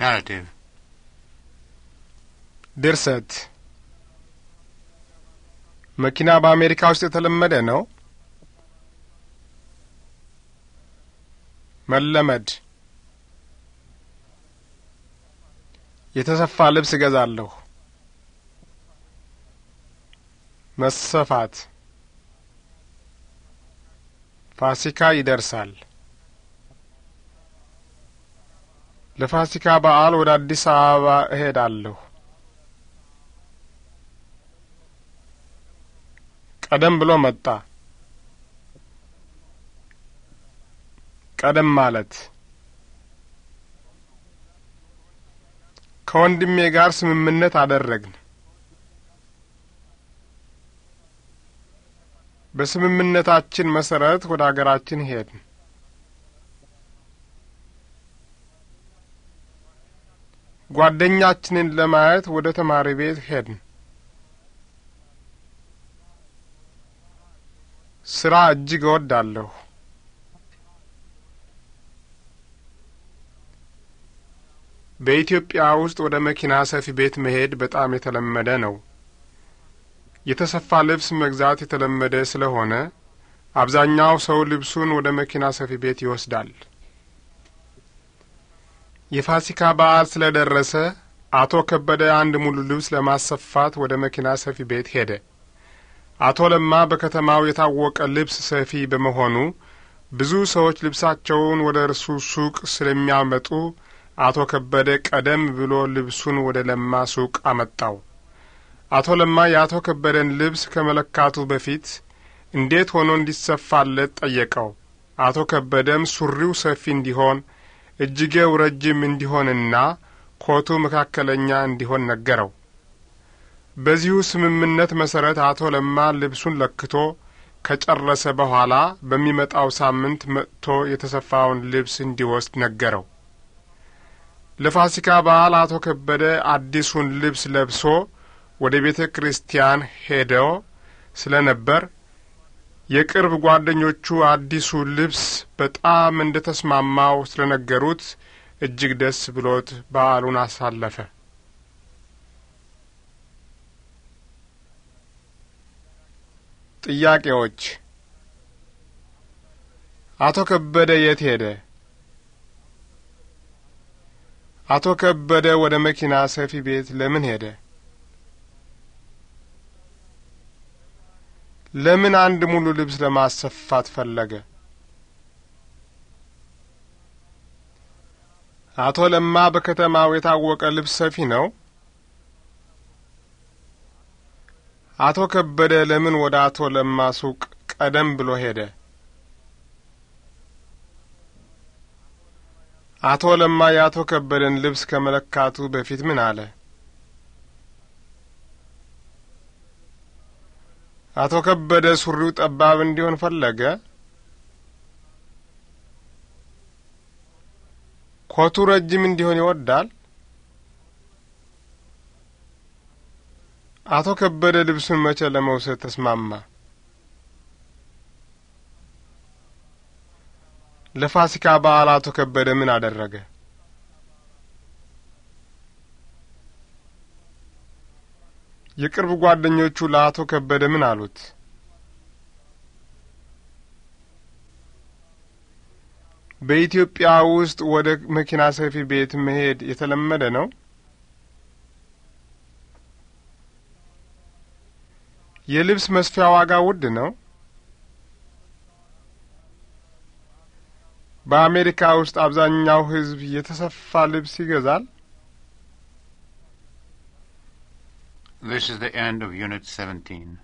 ናራቲቭ ድርሰት መኪና በአሜሪካ ውስጥ የተለመደ ነው። መለመድ የተሰፋ ልብስ እገዛለሁ። መሰፋት ፋሲካ ይደርሳል። ለፋሲካ በዓል ወደ አዲስ አበባ እሄዳለሁ። ቀደም ብሎ መጣ። ቀደም ማለት ከወንድሜ ጋር ስምምነት አደረግን። በስምምነታችን መሰረት ወደ አገራችን ሄድን። ጓደኛችንን ለማየት ወደ ተማሪ ቤት ሄድን። ስራ እጅግ እወዳለሁ። በኢትዮጵያ ውስጥ ወደ መኪና ሰፊ ቤት መሄድ በጣም የተለመደ ነው። የተሰፋ ልብስ መግዛት የተለመደ ስለሆነ አብዛኛው ሰው ልብሱን ወደ መኪና ሰፊ ቤት ይወስዳል። የፋሲካ በዓል ስለ ደረሰ አቶ ከበደ አንድ ሙሉ ልብስ ለማሰፋት ወደ መኪና ሰፊ ቤት ሄደ። አቶ ለማ በከተማው የታወቀ ልብስ ሰፊ በመሆኑ ብዙ ሰዎች ልብሳቸውን ወደ እርሱ ሱቅ ስለሚያመጡ አቶ ከበደ ቀደም ብሎ ልብሱን ወደ ለማ ሱቅ አመጣው። አቶ ለማ የአቶ ከበደን ልብስ ከመለካቱ በፊት እንዴት ሆኖ እንዲሰፋለት ጠየቀው። አቶ ከበደም ሱሪው ሰፊ እንዲሆን እጅጌው ረጅም እንዲሆንና ኮቱ መካከለኛ እንዲሆን ነገረው። በዚሁ ስምምነት መሠረት አቶ ለማ ልብሱን ለክቶ ከጨረሰ በኋላ በሚመጣው ሳምንት መጥቶ የተሰፋውን ልብስ እንዲወስድ ነገረው። ለፋሲካ በዓል አቶ ከበደ አዲሱን ልብስ ለብሶ ወደ ቤተ ክርስቲያን ሄደው ስለ ነበር የቅርብ ጓደኞቹ አዲሱ ልብስ በጣም እንደ ተስማማው ስለ ነገሩት እጅግ ደስ ብሎት በዓሉን አሳለፈ። ጥያቄዎች አቶ ከበደ የት ሄደ? አቶ ከበደ ወደ መኪና ሰፊ ቤት ለምን ሄደ? ለምን አንድ ሙሉ ልብስ ለማሰፋት ፈለገ? አቶ ለማ በከተማው የታወቀ ልብስ ሰፊ ነው። አቶ ከበደ ለምን ወደ አቶ ለማ ሱቅ ቀደም ብሎ ሄደ? አቶ ለማ የአቶ ከበደን ልብስ ከመለካቱ በፊት ምን አለ? አቶ ከበደ ሱሪው ጠባብ እንዲሆን ፈለገ። ኮቱ ረጅም እንዲሆን ይወዳል። አቶ ከበደ ልብሱን መቼ ለመውሰድ ተስማማ? ለፋሲካ በዓል አቶ ከበደ ምን አደረገ? የቅርብ ጓደኞቹ ለአቶ ከበደ ምን አሉት? በኢትዮጵያ ውስጥ ወደ መኪና ሰፊ ቤት መሄድ የተለመደ ነው? የልብስ መስፊያ ዋጋ ውድ ነው? በአሜሪካ ውስጥ አብዛኛው ሕዝብ የተሰፋ ልብስ ይገዛል? This is the end of Unit 17.